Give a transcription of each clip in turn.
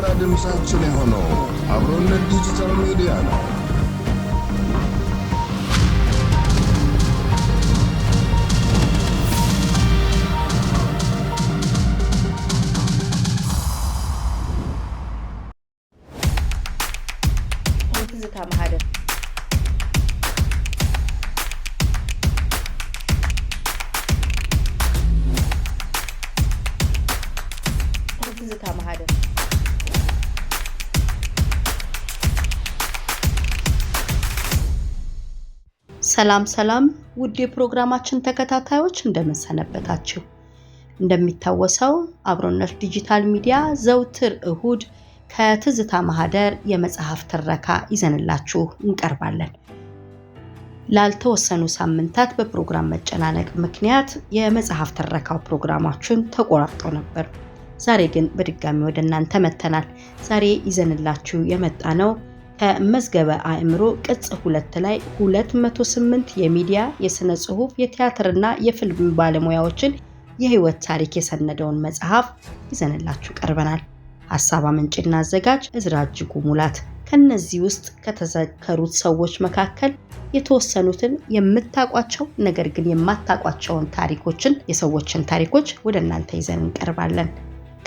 የጋራ ድምፃችን የሆነው አብሮነት ዲጂታል ሚዲያ ነው። ሰላም ሰላም ውድ የፕሮግራማችን ተከታታዮች እንደምንሰነበታችሁ። እንደሚታወሰው አብሮነት ዲጂታል ሚዲያ ዘውትር እሁድ ከትዝታ ማህደር የመጽሐፍ ትረካ ይዘንላችሁ እንቀርባለን። ላልተወሰኑ ሳምንታት በፕሮግራም መጨናነቅ ምክንያት የመጽሐፍ ትረካው ፕሮግራማችን ተቆራርጦ ነበር። ዛሬ ግን በድጋሚ ወደ እናንተ መጥተናል። ዛሬ ይዘንላችሁ የመጣ ነው ከመዝገበ አእምሮ ቅጽ ሁለት ላይ 208 የሚዲያ የሥነ ጽሑፍ የቲያትርና የፊልም ባለሙያዎችን የህይወት ታሪክ የሰነደውን መጽሐፍ ይዘንላችሁ ቀርበናል። ሐሳብ አመንጭና አዘጋጅ እዝራ እጅጉ ሙላት። ከነዚህ ውስጥ ከተዘከሩት ሰዎች መካከል የተወሰኑትን የምታውቋቸው ነገር ግን የማታውቋቸውን ታሪኮችን የሰዎችን ታሪኮች ወደ እናንተ ይዘን እንቀርባለን።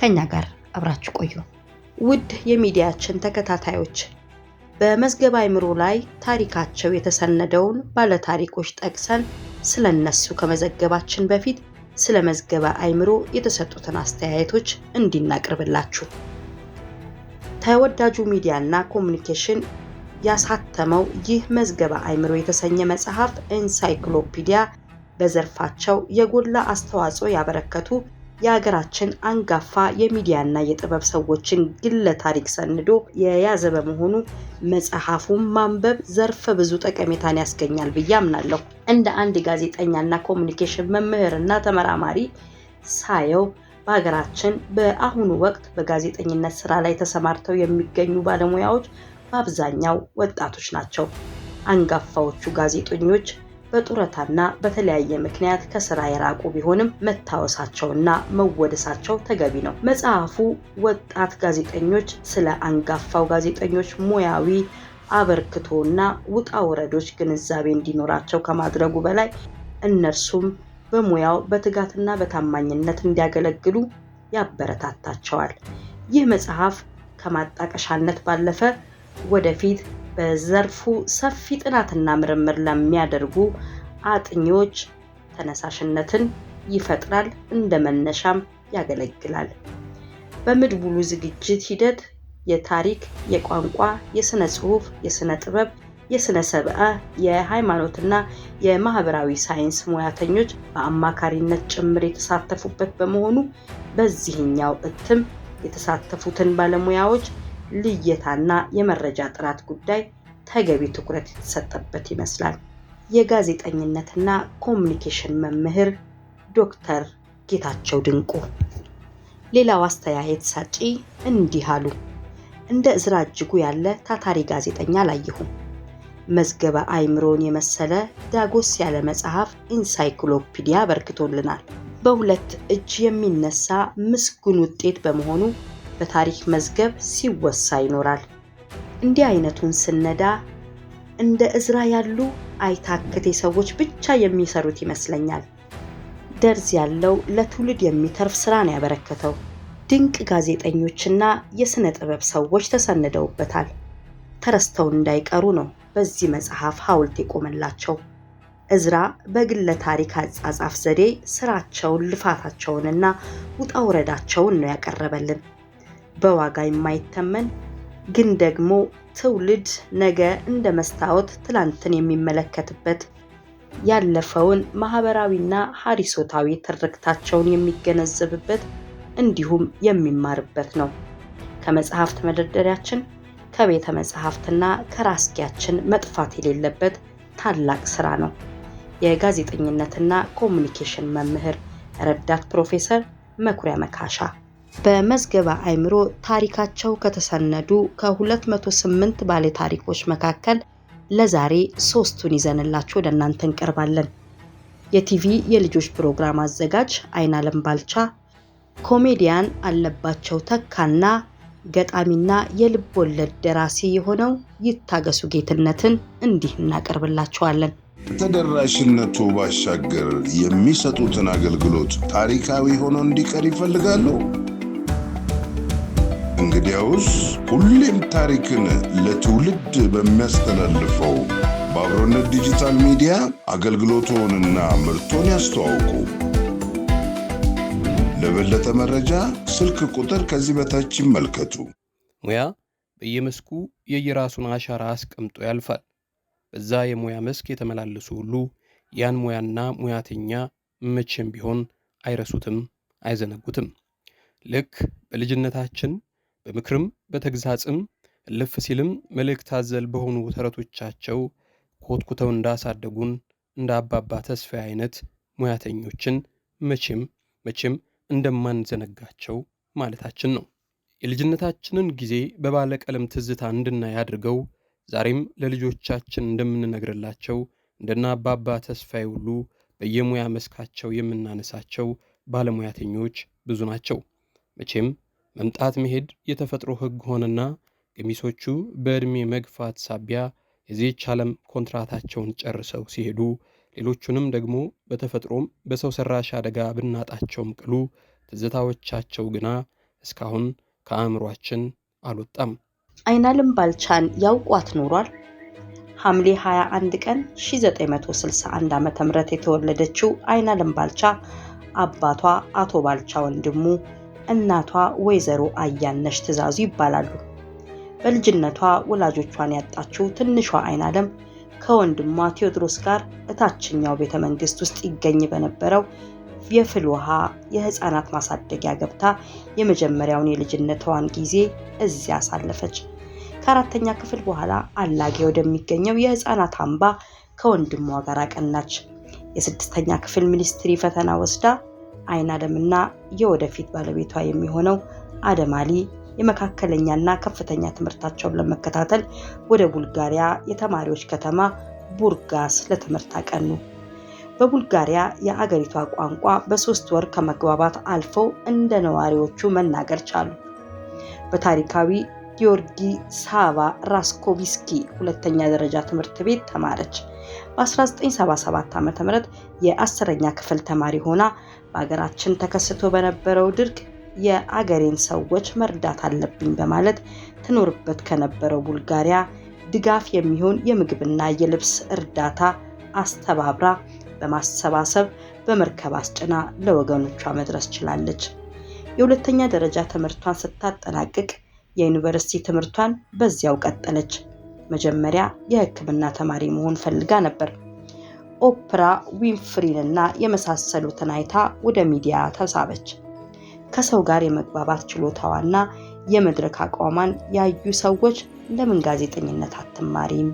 ከኛ ጋር አብራችሁ ቆዩ። ውድ የሚዲያችን ተከታታዮች በመዝገባ አእምሮ ላይ ታሪካቸው የተሰነደውን ባለታሪኮች ጠቅሰን ስለነሱ ከመዘገባችን በፊት ስለ መዝገበ አእምሮ የተሰጡትን አስተያየቶች እንዲናቅርብላችሁ ተወዳጁ ሚዲያና ኮሚኒኬሽን ያሳተመው ይህ መዝገበ አእምሮ የተሰኘ መጽሐፍ ኢንሳይክሎፒዲያ በዘርፋቸው የጎላ አስተዋጽኦ ያበረከቱ የሀገራችን አንጋፋ የሚዲያና የጥበብ ሰዎችን ግለ ታሪክ ሰንዶ የያዘ በመሆኑ መጽሐፉን ማንበብ ዘርፈ ብዙ ጠቀሜታን ያስገኛል ብዬ አምናለሁ። እንደ አንድ ጋዜጠኛና ኮሚኒኬሽን መምህርና ተመራማሪ ሳየው በሀገራችን በአሁኑ ወቅት በጋዜጠኝነት ስራ ላይ ተሰማርተው የሚገኙ ባለሙያዎች በአብዛኛው ወጣቶች ናቸው። አንጋፋዎቹ ጋዜጠኞች በጡረታና በተለያየ ምክንያት ከስራ የራቁ ቢሆንም መታወሳቸውና መወደሳቸው ተገቢ ነው። መጽሐፉ ወጣት ጋዜጠኞች ስለ አንጋፋው ጋዜጠኞች ሙያዊ አበርክቶና ውጣ ወረዶች ግንዛቤ እንዲኖራቸው ከማድረጉ በላይ እነርሱም በሙያው በትጋትና በታማኝነት እንዲያገለግሉ ያበረታታቸዋል። ይህ መጽሐፍ ከማጣቀሻነት ባለፈ ወደፊት በዘርፉ ሰፊ ጥናትና ምርምር ለሚያደርጉ አጥኚዎች ተነሳሽነትን ይፈጥራል፣ እንደ መነሻም ያገለግላል። በምድቡሉ ዝግጅት ሂደት የታሪክ፣ የቋንቋ፣ የሥነ ጽሑፍ፣ የሥነ ጥበብ፣ የሥነ ሰብአ፣ የሃይማኖትና የማህበራዊ ሳይንስ ሙያተኞች በአማካሪነት ጭምር የተሳተፉበት በመሆኑ በዚህኛው እትም የተሳተፉትን ባለሙያዎች ልየታና የመረጃ ጥራት ጉዳይ ተገቢ ትኩረት የተሰጠበት ይመስላል። የጋዜጠኝነትና ኮሚኒኬሽን መምህር ዶክተር ጌታቸው ድንቁ ሌላው አስተያየት ሰጪ እንዲህ አሉ። እንደ እዝራ እጅጉ ያለ ታታሪ ጋዜጠኛ አላየሁም። መዝገበ አይምሮን የመሰለ ዳጎስ ያለ መጽሐፍ ኢንሳይክሎፒዲያ በርክቶልናል። በሁለት እጅ የሚነሳ ምስጉን ውጤት በመሆኑ በታሪክ መዝገብ ሲወሳ ይኖራል። እንዲህ አይነቱን ስነዳ እንደ እዝራ ያሉ አይታክቴ ሰዎች ብቻ የሚሰሩት ይመስለኛል። ደርዝ ያለው ለትውልድ የሚተርፍ ስራን ያበረከተው። ድንቅ ጋዜጠኞችና የሥነ ጥበብ ሰዎች ተሰንደውበታል። ተረስተው እንዳይቀሩ ነው በዚህ መጽሐፍ ሐውልት የቆመላቸው። እዝራ በግለ ታሪክ አጻጻፍ ዘዴ ስራቸውን፣ ልፋታቸውንና ውጣውረዳቸውን ነው ያቀረበልን። በዋጋ የማይተመን ግን ደግሞ ትውልድ ነገ እንደ መስታወት ትላንትን የሚመለከትበት ያለፈውን ማህበራዊና ሀሪሶታዊ ትርክታቸውን የሚገነዘብበት እንዲሁም የሚማርበት ነው። ከመጽሐፍት መደርደሪያችን ከቤተ መጽሐፍትና ከራስጌያችን መጥፋት የሌለበት ታላቅ ስራ ነው። የጋዜጠኝነትና ኮሚኒኬሽን መምህር ረዳት ፕሮፌሰር መኩሪያ መካሻ በመዝገበ አእምሮ ታሪካቸው ከተሰነዱ ከ208 ባለ ታሪኮች መካከል ለዛሬ ሶስቱን ይዘንላችሁ ወደ እናንተ እንቀርባለን። የቲቪ የልጆች ፕሮግራም አዘጋጅ አይናለም ባልቻ፣ ኮሜዲያን አለባቸው ተካና ገጣሚና የልብ ወለድ ደራሲ የሆነው ይታገሱ ጌትነትን እንዲህ እናቀርብላችኋለን። ከተደራሽነቱ ባሻገር የሚሰጡትን አገልግሎት ታሪካዊ ሆኖ እንዲቀር ይፈልጋሉ። እንግዲያውስ ሁሌም ታሪክን ለትውልድ በሚያስተላልፈው በአብሮነት ዲጂታል ሚዲያ አገልግሎቶንና ምርቶን ያስተዋውቁ። ለበለጠ መረጃ ስልክ ቁጥር ከዚህ በታች ይመልከቱ። ሙያ በየመስኩ የየራሱን አሻራ አስቀምጦ ያልፋል። በዛ የሙያ መስክ የተመላለሱ ሁሉ ያን ሙያና ሙያተኛ መቼም ቢሆን አይረሱትም፣ አይዘነጉትም። ልክ በልጅነታችን በምክርም በተግሳጽም እልፍ ሲልም መልእክት አዘል በሆኑ ተረቶቻቸው ኮትኩተው እንዳሳደጉን እንደ አባባ ተስፋ አይነት ሙያተኞችን መቼም መቼም እንደማንዘነጋቸው ማለታችን ነው። የልጅነታችንን ጊዜ በባለቀለም ትዝታ እንድናይ አድርገው ዛሬም ለልጆቻችን እንደምንነግርላቸው እንደነ አባባ ተስፋዬ ሁሉ በየሙያ መስካቸው የምናነሳቸው ባለሙያተኞች ብዙ ናቸው። መቼም መምጣት መሄድ የተፈጥሮ ሕግ ሆነና ገሚሶቹ በዕድሜ መግፋት ሳቢያ የዚህች ዓለም ኮንትራታቸውን ጨርሰው ሲሄዱ ሌሎቹንም ደግሞ በተፈጥሮም በሰው ሰራሽ አደጋ ብናጣቸውም ቅሉ ትዝታዎቻቸው ግና እስካሁን ከአእምሯችን አልወጣም። አይናለም ባልቻን ያውቋት ኖሯል። ሐምሌ 21 ቀን 1961 ዓ.ም የተወለደችው አይናለም ባልቻ አባቷ አቶ ባልቻ ወንድሙ እናቷ ወይዘሮ አያነሽ ትዛዙ ይባላሉ። በልጅነቷ ወላጆቿን ያጣችው ትንሿ አይን አለም ከወንድሟ ቴዎድሮስ ጋር እታችኛው ቤተ መንግስት ውስጥ ይገኝ በነበረው የፍል ውሃ የህፃናት ማሳደጊያ ገብታ የመጀመሪያውን የልጅነቷን ጊዜ እዚያ አሳለፈች። ከአራተኛ ክፍል በኋላ አላጌ ወደሚገኘው የህፃናት አምባ ከወንድሟ ጋር አቀናች። የስድስተኛ ክፍል ሚኒስትሪ ፈተና ወስዳ አይን አደምና የወደፊት ባለቤቷ የሚሆነው አደም አሊ የመካከለኛና ከፍተኛ ትምህርታቸውን ለመከታተል ወደ ቡልጋሪያ የተማሪዎች ከተማ ቡርጋስ ለትምህርት አቀኑ። በቡልጋሪያ የአገሪቷ ቋንቋ በሶስት ወር ከመግባባት አልፈው እንደ ነዋሪዎቹ መናገር ቻሉ። በታሪካዊ ጊዮርጊ ሳቫ ራስኮቪስኪ ሁለተኛ ደረጃ ትምህርት ቤት ተማረች። በ1977 ዓ.ም የአስረኛ ክፍል ተማሪ ሆና በሀገራችን ተከስቶ በነበረው ድርቅ የአገሬን ሰዎች መርዳት አለብኝ በማለት ትኖርበት ከነበረው ቡልጋሪያ ድጋፍ የሚሆን የምግብና የልብስ እርዳታ አስተባብራ በማሰባሰብ በመርከብ አስጭና ለወገኖቿ መድረስ ችላለች። የሁለተኛ ደረጃ ትምህርቷን ስታጠናቅቅ የዩኒቨርሲቲ ትምህርቷን በዚያው ቀጠለች። መጀመሪያ የሕክምና ተማሪ መሆን ፈልጋ ነበር። ኦፕራ ዊንፍሪንና የመሳሰሉትን አይታ ወደ ሚዲያ ተሳበች። ከሰው ጋር የመግባባት ችሎታዋና የመድረክ አቋሟን ያዩ ሰዎች ለምን ጋዜጠኝነት አትማሪም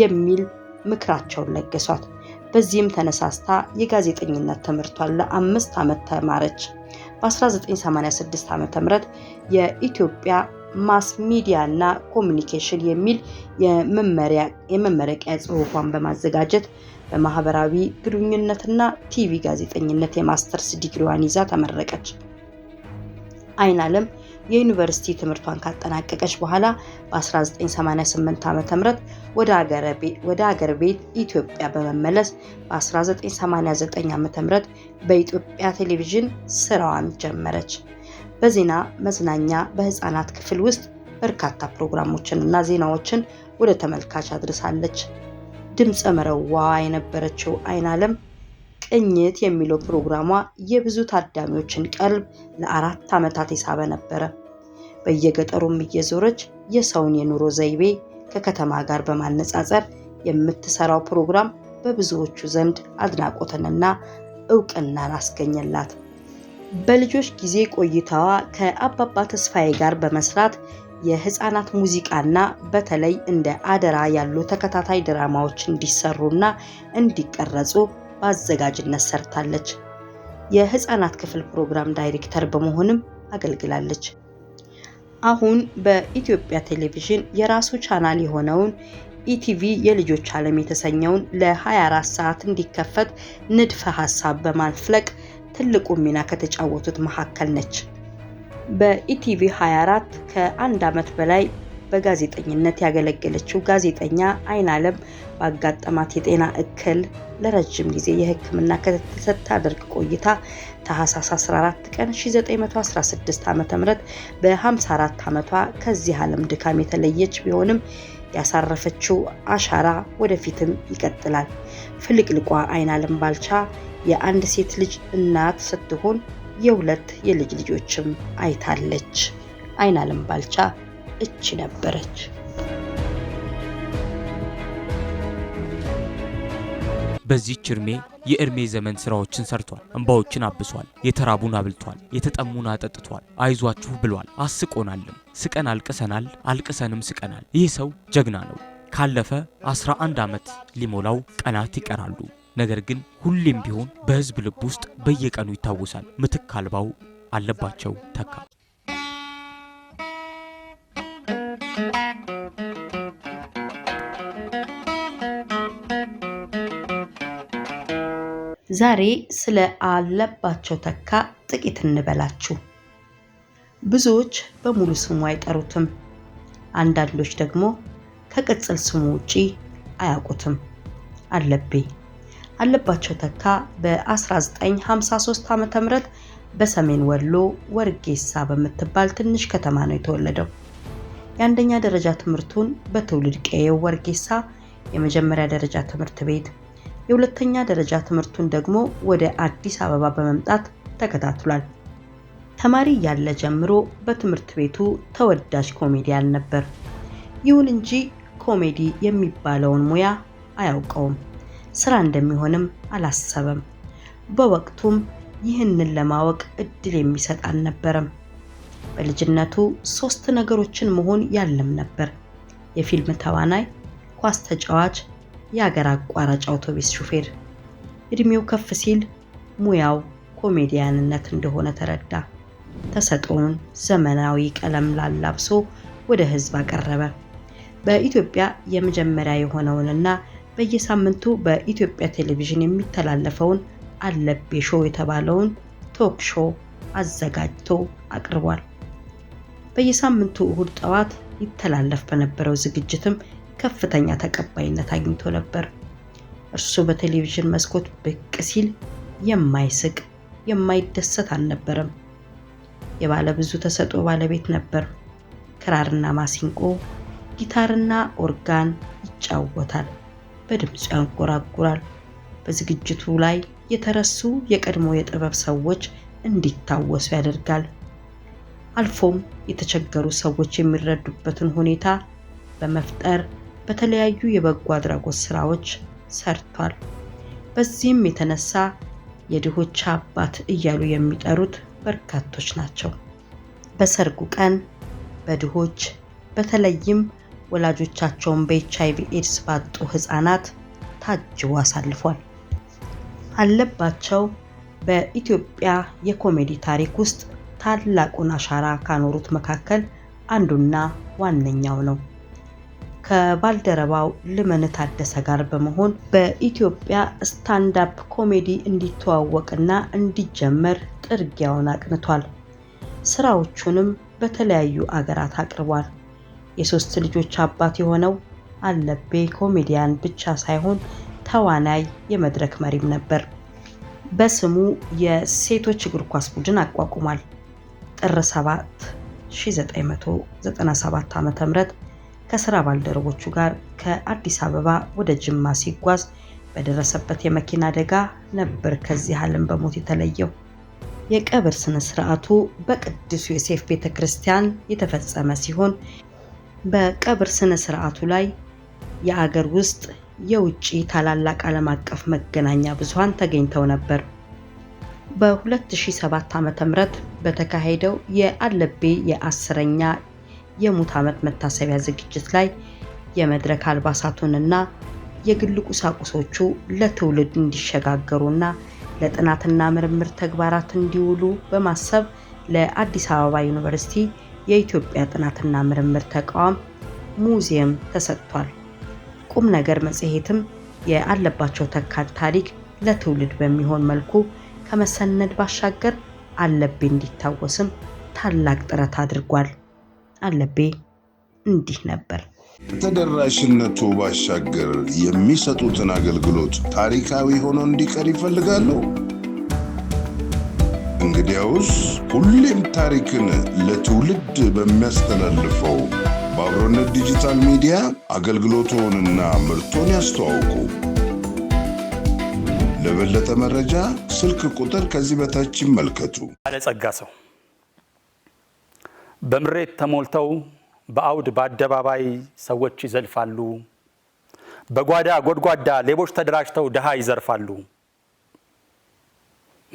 የሚል ምክራቸውን ለገሷት። በዚህም ተነሳስታ የጋዜጠኝነት ትምህርቷን ለአምስት ዓመት ተማረች። በ1986 ዓ ም የኢትዮጵያ ማስ ሚዲያ እና ኮሚኒኬሽን የሚል የመመረቂያ ጽሑፏን በማዘጋጀት በማህበራዊ ግንኙነትና ቲቪ ጋዜጠኝነት የማስተርስ ዲግሪዋን ይዛ ተመረቀች። አይን አለም የዩኒቨርሲቲ ትምህርቷን ካጠናቀቀች በኋላ በ1988 ዓ ም ወደ አገር ቤት ኢትዮጵያ በመመለስ በ1989 ዓ ም በኢትዮጵያ ቴሌቪዥን ስራዋን ጀመረች። በዜና መዝናኛ፣ በህፃናት ክፍል ውስጥ በርካታ ፕሮግራሞችንና ዜናዎችን ወደ ተመልካች አድርሳለች። ድምፀ መረዋ የነበረችው አይናለም ቅኝት የሚለው ፕሮግራሟ የብዙ ታዳሚዎችን ቀልብ ለአራት ዓመታት የሳበ ነበረ። በየገጠሩም እየዞረች የሰውን የኑሮ ዘይቤ ከከተማ ጋር በማነጻጸር የምትሰራው ፕሮግራም በብዙዎቹ ዘንድ አድናቆትንና እውቅናን አስገኘላት። በልጆች ጊዜ ቆይታዋ ከአባባ ተስፋዬ ጋር በመስራት የህፃናት ሙዚቃና በተለይ እንደ አደራ ያሉ ተከታታይ ድራማዎች እንዲሰሩና እንዲቀረጹ በአዘጋጅነት ሰርታለች። የህፃናት ክፍል ፕሮግራም ዳይሬክተር በመሆንም አገልግላለች። አሁን በኢትዮጵያ ቴሌቪዥን የራሱ ቻናል የሆነውን ኢቲቪ የልጆች ዓለም የተሰኘውን ለ24 ሰዓት እንዲከፈት ንድፈ ሀሳብ በማፍለቅ ትልቁ ሚና ከተጫወቱት መካከል ነች። በኢቲቪ 24 ከአንድ ዓመት በላይ በጋዜጠኝነት ያገለገለችው ጋዜጠኛ አይን አለም ባጋጠማት የጤና እክል ለረጅም ጊዜ የሕክምና ክትትል ስታደርግ ቆይታ ታህሳስ 14 ቀን 1916 ዓ ም በ54 ዓመቷ ከዚህ ዓለም ድካም የተለየች ቢሆንም ያሳረፈችው አሻራ ወደፊትም ይቀጥላል። ፍልቅልቋ አይን አለም ባልቻ የአንድ ሴት ልጅ እናት ስትሆን የሁለት የልጅ ልጆችም አይታለች። አይናለም ባልቻ እቺ ነበረች። በዚህች እድሜ የእድሜ ዘመን ስራዎችን ሰርቷል። እንባዎችን አብሷል። የተራቡን አብልቷል። የተጠሙን አጠጥቷል። አይዟችሁ ብሏል። አስቆናልም። ስቀን አልቅሰናል፣ አልቅሰንም ስቀናል። ይህ ሰው ጀግና ነው። ካለፈ 11 ዓመት ሊሞላው ቀናት ይቀራሉ። ነገር ግን ሁሌም ቢሆን በህዝብ ልብ ውስጥ በየቀኑ ይታወሳል። ምትክ አልባው አለባቸው ተካ ዛሬ ስለ አለባቸው ተካ ጥቂት እንበላችሁ። ብዙዎች በሙሉ ስሙ አይጠሩትም። አንዳንዶች ደግሞ ከቅጽል ስሙ ውጪ አያውቁትም። አለቤ አለባቸው ተካ በ1953 ዓ ም በሰሜን ወሎ ወርጌሳ በምትባል ትንሽ ከተማ ነው የተወለደው። የአንደኛ ደረጃ ትምህርቱን በትውልድ ቀየው ወርጌሳ የመጀመሪያ ደረጃ ትምህርት ቤት፣ የሁለተኛ ደረጃ ትምህርቱን ደግሞ ወደ አዲስ አበባ በመምጣት ተከታትሏል። ተማሪ ያለ ጀምሮ በትምህርት ቤቱ ተወዳጅ ኮሜዲያን ነበር። ይሁን እንጂ ኮሜዲ የሚባለውን ሙያ አያውቀውም። ስራ እንደሚሆንም አላሰበም። በወቅቱም ይህንን ለማወቅ እድል የሚሰጥ አልነበረም። በልጅነቱ ሶስት ነገሮችን መሆን ያለም ነበር። የፊልም ተዋናይ፣ ኳስ ተጫዋች፣ የአገር አቋራጭ አውቶቡስ ሹፌር። እድሜው ከፍ ሲል ሙያው ኮሜዲያንነት እንደሆነ ተረዳ። ተሰጥኦውን ዘመናዊ ቀለም ላላብሶ ወደ ህዝብ አቀረበ። በኢትዮጵያ የመጀመሪያ የሆነውንና በየሳምንቱ በኢትዮጵያ ቴሌቪዥን የሚተላለፈውን አለቤ ሾው የተባለውን ቶክ ሾው አዘጋጅቶ አቅርቧል። በየሳምንቱ እሁድ ጠዋት ይተላለፍ በነበረው ዝግጅትም ከፍተኛ ተቀባይነት አግኝቶ ነበር። እርሱ በቴሌቪዥን መስኮት ብቅ ሲል የማይስቅ የማይደሰት አልነበረም። የባለ ብዙ ባለቤት ነበር። ክራርና ማሲንቆ፣ ጊታርና ኦርጋን ይጫወታል። በድምፁ ያንጎራጉራል። በዝግጅቱ ላይ የተረሱ የቀድሞ የጥበብ ሰዎች እንዲታወሱ ያደርጋል። አልፎም የተቸገሩ ሰዎች የሚረዱበትን ሁኔታ በመፍጠር በተለያዩ የበጎ አድራጎት ስራዎች ሰርቷል። በዚህም የተነሳ የድሆች አባት እያሉ የሚጠሩት በርካቶች ናቸው። በሰርጉ ቀን በድሆች በተለይም ወላጆቻቸውን በኤችአይቪ ኤድስ ባጡ ህጻናት ታጅቦ አሳልፏል። አለባቸው በኢትዮጵያ የኮሜዲ ታሪክ ውስጥ ታላቁን አሻራ ካኖሩት መካከል አንዱና ዋነኛው ነው። ከባልደረባው ልመን ታደሰ ጋር በመሆን በኢትዮጵያ ስታንዳፕ ኮሜዲ እንዲተዋወቅና እንዲጀመር ጥርጊያውን አቅንቷል። ስራዎቹንም በተለያዩ አገራት አቅርቧል። የሶስት ልጆች አባት የሆነው አለቤ ኮሜዲያን ብቻ ሳይሆን ተዋናይ፣ የመድረክ መሪም ነበር። በስሙ የሴቶች እግር ኳስ ቡድን አቋቁሟል። ጥር 7 1997 ዓ.ም ከስራ ባልደረቦቹ ጋር ከአዲስ አበባ ወደ ጅማ ሲጓዝ በደረሰበት የመኪና አደጋ ነበር ከዚህ ዓለም በሞት የተለየው። የቀብር ስነ ስርዓቱ በቅዱስ ዮሴፍ ቤተ ክርስቲያን የተፈጸመ ሲሆን በቀብር ስነ ስርዓቱ ላይ የአገር ውስጥ የውጭ ታላላቅ ዓለም አቀፍ መገናኛ ብዙሃን ተገኝተው ነበር። በ2007 ዓ.ም በተካሄደው የአለቤ የአስረኛ የሙት ዓመት መታሰቢያ ዝግጅት ላይ የመድረክ አልባሳቱንና የግል ቁሳቁሶቹ ለትውልድ እንዲሸጋገሩና ለጥናትና ምርምር ተግባራት እንዲውሉ በማሰብ ለአዲስ አበባ ዩኒቨርሲቲ የኢትዮጵያ ጥናትና ምርምር ተቋም ሙዚየም ተሰጥቷል። ቁም ነገር መጽሔትም የአለባቸው ተካል ታሪክ ለትውልድ በሚሆን መልኩ ከመሰነድ ባሻገር አለቤ እንዲታወስም ታላቅ ጥረት አድርጓል። አለቤ እንዲህ ነበር። ከተደራሽነቱ ባሻገር የሚሰጡትን አገልግሎት ታሪካዊ ሆኖ እንዲቀር ይፈልጋሉ። እንግዲያውስ ሁሌም ታሪክን ለትውልድ በሚያስተላልፈው በአብሮነት ዲጂታል ሚዲያ አገልግሎቶንና ምርቶን ያስተዋውቁ። ለበለጠ መረጃ ስልክ ቁጥር ከዚህ በታች ይመልከቱ። ባለጸጋ ሰው በምሬት ተሞልተው በአውድ በአደባባይ ሰዎች ይዘልፋሉ። በጓዳ ጎድጓዳ ሌቦች ተደራጅተው ድሃ ይዘርፋሉ።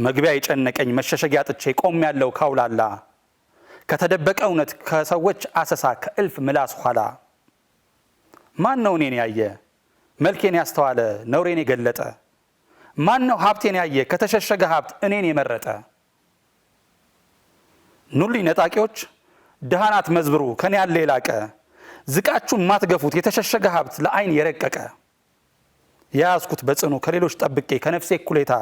መግቢያ የጨነቀኝ መሸሸጊያ አጥቼ ቆም ያለው ካውላላ ከተደበቀ እውነት ከሰዎች አሰሳ ከእልፍ ምላስ ኋላ ማን ነው እኔን ያየ መልኬን ያስተዋለ ነውሬን የገለጠ ማን ነው ሀብቴን ያየ ከተሸሸገ ሀብት እኔን የመረጠ ኑልኝ ነጣቂዎች ድሃናት መዝብሩ ከኔ ያለ የላቀ ዝቃችሁ ማትገፉት የተሸሸገ ሀብት ለአይን የረቀቀ የያዝኩት በጽኑ ከሌሎች ጠብቄ ከነፍሴ እኩሌታ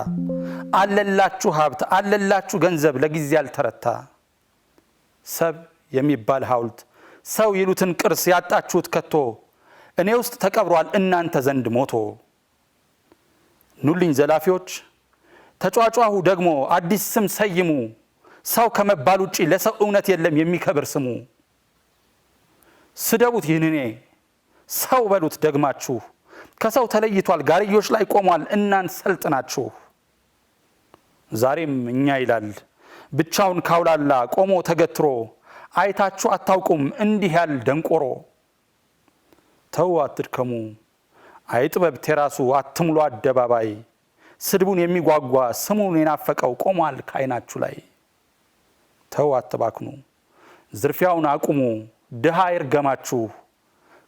አለላችሁ ሀብት አለላችሁ ገንዘብ ለጊዜ አልተረታ ሰብ የሚባል ሐውልት ሰው ይሉትን ቅርስ ያጣችሁት ከቶ እኔ ውስጥ ተቀብሯል እናንተ ዘንድ ሞቶ። ኑልኝ ዘላፊዎች ተጫጫሁ ደግሞ አዲስ ስም ሰይሙ። ሰው ከመባል ውጪ ለሰው እውነት የለም የሚከብር ስሙ። ስደቡት ይህንኔ ሰው በሉት ደግማችሁ ከሰው ተለይቷል፣ ጋርዮች ላይ ቆሟል፣ እናን ሰልጥናችሁ። ዛሬም እኛ ይላል ብቻውን ካውላላ ቆሞ ተገትሮ አይታችሁ አታውቁም እንዲህ ያል ደንቆሮ። ተው አትድከሙ አይጥበብ ቴራሱ አትምሎ አደባባይ ስድቡን የሚጓጓ ስሙን የናፈቀው ቆሟል ከዓይናችሁ ላይ። ተው አትባክኑ ዝርፊያውን አቁሙ ድሃ ይርገማችሁ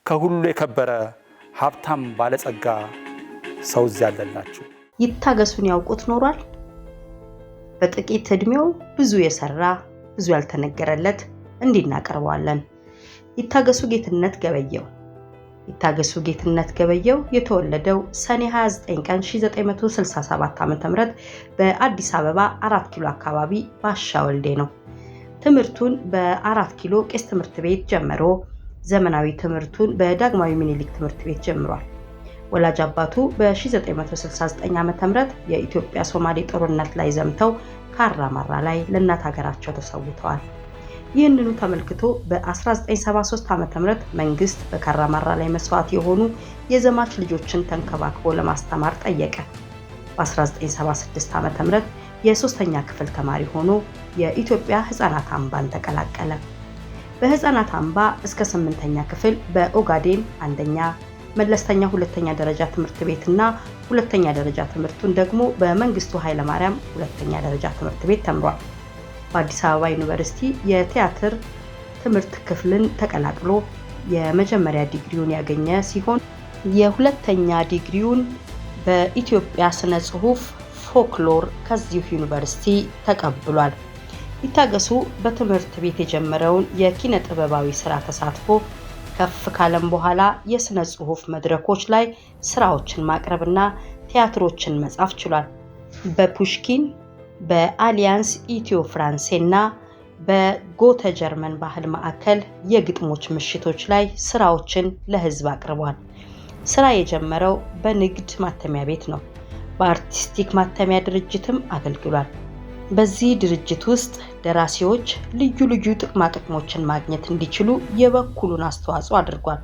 ከሁሉ የከበረ ሀብታም ባለጸጋ ሰው እዚያ አለላችሁ። ይታገሱን ያውቁት ኖሯል። በጥቂት እድሜው ብዙ የሰራ ብዙ ያልተነገረለት እንዲህ እናቀርበዋለን። ይታገሱ ጌትነት ገበየው ይታገሱ ጌትነት ገበየው የተወለደው ሰኔ 29 ቀን 1967 ዓ.ም በአዲስ አበባ አራት ኪሎ አካባቢ ባሻ ወልዴ ነው። ትምህርቱን በአራት ኪሎ ቄስ ትምህርት ቤት ጀምሮ ዘመናዊ ትምህርቱን በዳግማዊ ምኒልክ ትምህርት ቤት ጀምሯል። ወላጅ አባቱ በ1969 ዓ ም የኢትዮጵያ ሶማሌ ጦርነት ላይ ዘምተው ካራማራ ላይ ለእናት ሀገራቸው ተሰውተዋል። ይህንኑ ተመልክቶ በ1973 ዓ ም መንግስት በካራማራ ላይ መስዋዕት የሆኑ የዘማች ልጆችን ተንከባክቦ ለማስተማር ጠየቀ። በ1976 ዓ ም የሶስተኛ ክፍል ተማሪ ሆኖ የኢትዮጵያ ህፃናት አምባን ተቀላቀለ። በህፃናት አምባ እስከ ስምንተኛ ክፍል በኦጋዴን አንደኛ መለስተኛ ሁለተኛ ደረጃ ትምህርት ቤት እና ሁለተኛ ደረጃ ትምህርቱን ደግሞ በመንግስቱ ኃይለማርያም ሁለተኛ ደረጃ ትምህርት ቤት ተምሯል። በአዲስ አበባ ዩኒቨርሲቲ የቲያትር ትምህርት ክፍልን ተቀላቅሎ የመጀመሪያ ዲግሪውን ያገኘ ሲሆን የሁለተኛ ዲግሪውን በኢትዮጵያ ስነ ጽሁፍ ፎክሎር ከዚሁ ዩኒቨርሲቲ ተቀብሏል። ይታገሱ በትምህርት ቤት የጀመረውን የኪነ ጥበባዊ ስራ ተሳትፎ ከፍ ካለም በኋላ የሥነ ጽሑፍ መድረኮች ላይ ስራዎችን ማቅረብና ቲያትሮችን መጻፍ ችሏል። በፑሽኪን፣ በአሊያንስ ኢትዮ ፍራንሴ እና በጎተ ጀርመን ባህል ማዕከል የግጥሞች ምሽቶች ላይ ስራዎችን ለህዝብ አቅርቧል። ስራ የጀመረው በንግድ ማተሚያ ቤት ነው። በአርቲስቲክ ማተሚያ ድርጅትም አገልግሏል። በዚህ ድርጅት ውስጥ ደራሲዎች ልዩ ልዩ ጥቅማ ጥቅሞችን ማግኘት እንዲችሉ የበኩሉን አስተዋጽኦ አድርጓል።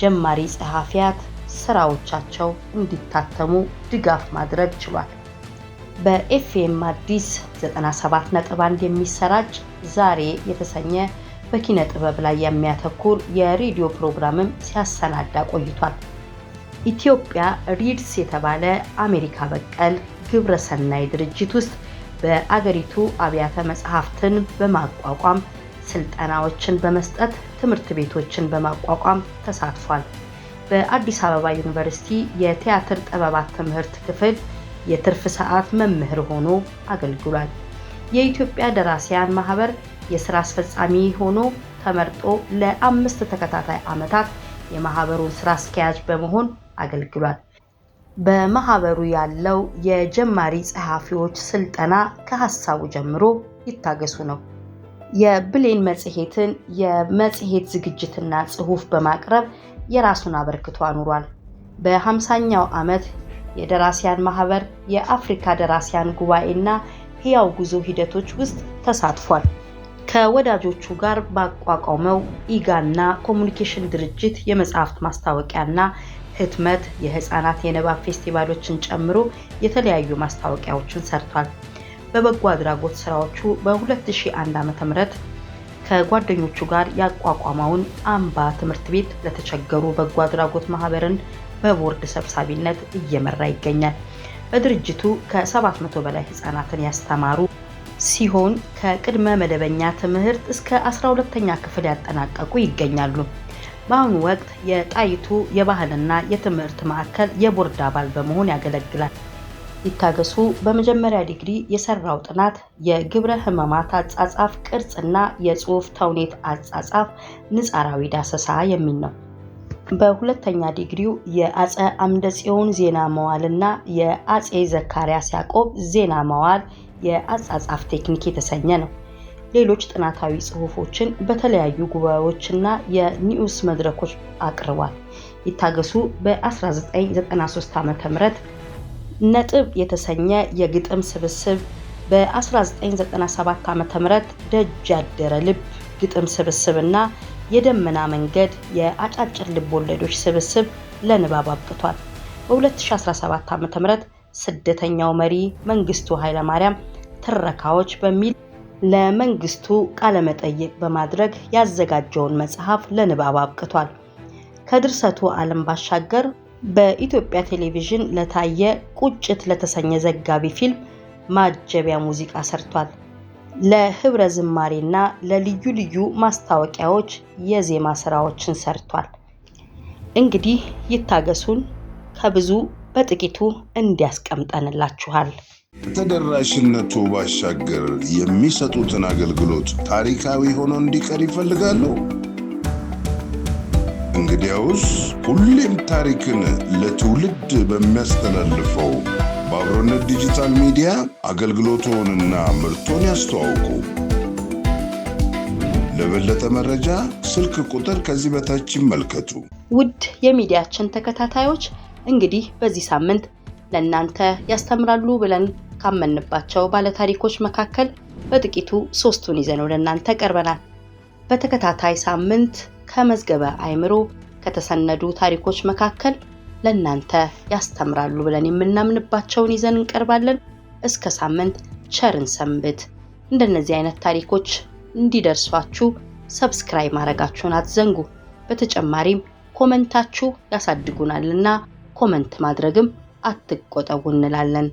ጀማሪ ጸሐፊያት ስራዎቻቸው እንዲታተሙ ድጋፍ ማድረግ ችሏል። በኤፍኤም አዲስ 97.1 የሚሰራጭ ዛሬ የተሰኘ በኪነ ጥበብ ላይ የሚያተኩር የሬዲዮ ፕሮግራምም ሲያሰናዳ ቆይቷል። ኢትዮጵያ ሪድስ የተባለ አሜሪካ በቀል ግብረሰናይ ድርጅት ውስጥ በአገሪቱ አብያተ መጽሐፍትን በማቋቋም ስልጠናዎችን በመስጠት ትምህርት ቤቶችን በማቋቋም ተሳትፏል። በአዲስ አበባ ዩኒቨርሲቲ የቲያትር ጥበባት ትምህርት ክፍል የትርፍ ሰዓት መምህር ሆኖ አገልግሏል። የኢትዮጵያ ደራሲያን ማህበር የስራ አስፈጻሚ ሆኖ ተመርጦ ለአምስት ተከታታይ ዓመታት የማህበሩን ስራ አስኪያጅ በመሆን አገልግሏል። በማህበሩ ያለው የጀማሪ ጸሐፊዎች ስልጠና ከሐሳቡ ጀምሮ ይታገሱ ነው። የብሌን መጽሔትን የመጽሔት ዝግጅትና ጽሑፍ በማቅረብ የራሱን አበርክቶ አኑሯል። በ50ኛው ዓመት የደራሲያን ማህበር የአፍሪካ ደራሲያን ጉባኤና ሕያው ጉዞ ሂደቶች ውስጥ ተሳትፏል። ከወዳጆቹ ጋር ባቋቋመው ኢጋና ኮሚኒኬሽን ድርጅት የመጽሐፍት ማስታወቂያና ህትመት፣ የህፃናት የንባብ ፌስቲቫሎችን ጨምሮ የተለያዩ ማስታወቂያዎችን ሰርቷል። በበጎ አድራጎት ስራዎቹ በ2001 ዓ.ም ከጓደኞቹ ጋር ያቋቋመውን አምባ ትምህርት ቤት ለተቸገሩ በጎ አድራጎት ማህበርን በቦርድ ሰብሳቢነት እየመራ ይገኛል። በድርጅቱ ከ700 በላይ ህፃናትን ያስተማሩ ሲሆን ከቅድመ መደበኛ ትምህርት እስከ 12ኛ ክፍል ያጠናቀቁ ይገኛሉ። በአሁኑ ወቅት የጣይቱ የባህልና የትምህርት ማዕከል የቦርድ አባል በመሆን ያገለግላል። ይታገሱ በመጀመሪያ ዲግሪ የሰራው ጥናት የግብረ ሕማማት አጻጻፍ ቅርጽና የጽሑፍ ተውኔት አጻጻፍ ንጻራዊ ዳሰሳ የሚል ነው። በሁለተኛ ዲግሪው የአጼ አምደጽዮን ዜና መዋልና የአጼ ዘካርያስ ያዕቆብ ዜና መዋል የአጻጻፍ ቴክኒክ የተሰኘ ነው። ሌሎች ጥናታዊ ጽሁፎችን በተለያዩ ጉባኤዎችና የኒውስ መድረኮች አቅርቧል። ይታገሱ በ1993 ዓ ም ነጥብ የተሰኘ የግጥም ስብስብ፣ በ1997 ዓ ም ደጅ ያደረ ልብ ግጥም ስብስብ እና የደመና መንገድ የአጫጭር ልብ ወለዶች ስብስብ ለንባብ አብቅቷል። በ2017 ዓ ም ስደተኛው መሪ መንግስቱ ኃይለማርያም ትረካዎች በሚል ለመንግስቱ ቃለመጠይቅ በማድረግ ያዘጋጀውን መጽሐፍ ለንባብ አብቅቷል። ከድርሰቱ ዓለም ባሻገር በኢትዮጵያ ቴሌቪዥን ለታየ ቁጭት ለተሰኘ ዘጋቢ ፊልም ማጀቢያ ሙዚቃ ሰርቷል። ለህብረ ዝማሬና ለልዩ ልዩ ማስታወቂያዎች የዜማ ስራዎችን ሰርቷል። እንግዲህ ይታገሱን፣ ከብዙ በጥቂቱ እንዲያስቀምጠንላችኋል። ተደራሽነቱ ባሻገር የሚሰጡትን አገልግሎት ታሪካዊ ሆኖ እንዲቀር ይፈልጋሉ። እንግዲያውስ ሁሌም ታሪክን ለትውልድ በሚያስተላልፈው በአብሮነት ዲጂታል ሚዲያ አገልግሎቶንና ምርቶን ያስተዋውቁ። ለበለጠ መረጃ ስልክ ቁጥር ከዚህ በታች ይመልከቱ። ውድ የሚዲያችን ተከታታዮች እንግዲህ በዚህ ሳምንት ለእናንተ ያስተምራሉ ብለን ካመንባቸው ባለታሪኮች መካከል በጥቂቱ ሶስቱን ይዘን ወደ እናንተ ቀርበናል። በተከታታይ ሳምንት ከመዝገበ አይምሮ ከተሰነዱ ታሪኮች መካከል ለእናንተ ያስተምራሉ ብለን የምናምንባቸውን ይዘን እንቀርባለን። እስከ ሳምንት ቸርን ሰንብት። እንደነዚህ አይነት ታሪኮች እንዲደርሷችሁ ሰብስክራይብ ማድረጋችሁን አትዘንጉ። በተጨማሪም ኮመንታችሁ ያሳድጉናልና ኮመንት ማድረግም አትቆጠቡ እንላለን።